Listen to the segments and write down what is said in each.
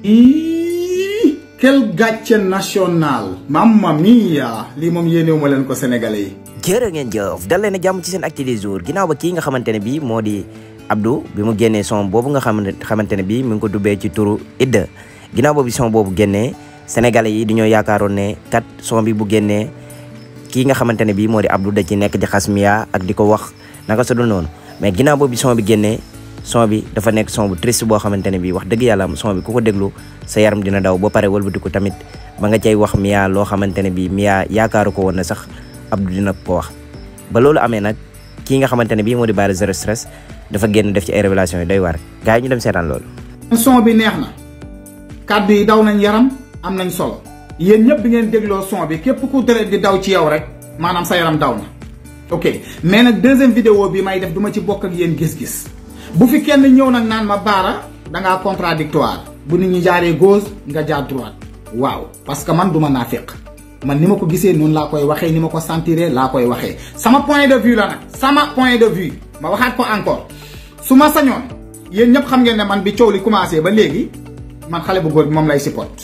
iii quel gàcce national mamma mia lii moom yéenewuma leen ko sénégalais yi jërë ngeen jëf dal leen a jàmm ci seen acte des ginaaw ginnaaw ba kii nga xamante ne bii moo di Abdou bi mu génnee son boobu nga xam xamante ne bii mu ngi ko dubbee ci turu Idda ginnaaw boobu son boobu génnee sénégalais yi dañoo yaakaaroon ne kat son bi bu génnee kii nga xamante ne bii moo di Abdou da ci nekk di xas Mia ak di ko wax naka sa dul noonu mais ginnaaw boobu son bi génnee son bi dafa nekk son bu triste boo xamante ne wax dëgg yàlla son bi ku ko déglu sa yaram dina daw ba pare wëlbatiku tamit ba nga cay wax Mia loo xamante ne bii Mia yaakaaru ko woon na sax Abdou dina ko wax. ba loolu amee nag kii nga xamante ne bii moo di Balla Zéro Stress dafa génn def ci ay révélation yi doy waar gars ñu dem seetaan loolu. son bi neex na kàddu yi daw nañ yaram am nañ solo yéen ñëpp bi ngeen dégloo son bi képp ku deret di daw ci yow bi may def bu fi kenn ñëw nag naan ma baara dangaa contradictoire bu nit ñi jaaree gauche nga jaar droite waaw parce que man du ma naaféq man ni ma ko gisee noonu laa koy waxee ni ma ko sentiree laa koy waxee sama point de vue la nag sama point de vue ma waxaat ko encore su ma sañoon yéen ñëpp xam ngeen ne man bi coow li commencé ba léegi man xale bu góor bi moom lay support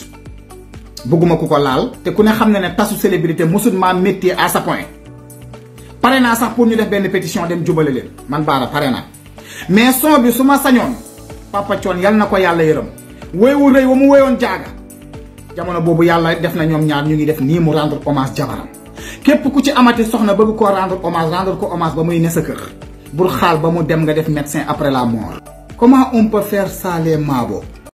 bëgguma ku ko laal te ku ne xam ne ne tasu célébrité mosul maa métier à sa point pare naa sax pour ñu def benn pétition dem jubale man Bara pare naa mais son bi su ma sañoon papa coon yal na ko yàlla yërëm wu rëy wa mu wéyoon jaaga jamono boobu yàlla def na ñoom ñaar ñu ngi def nii mu rendre hommage jabaram képp ku ci amati soxna ba bëgg ko rendre hommage rendre ko hommage ba muy ne sa kër bul xaal ba mu dem nga def médecin après la mort comment on peut faire ça maabo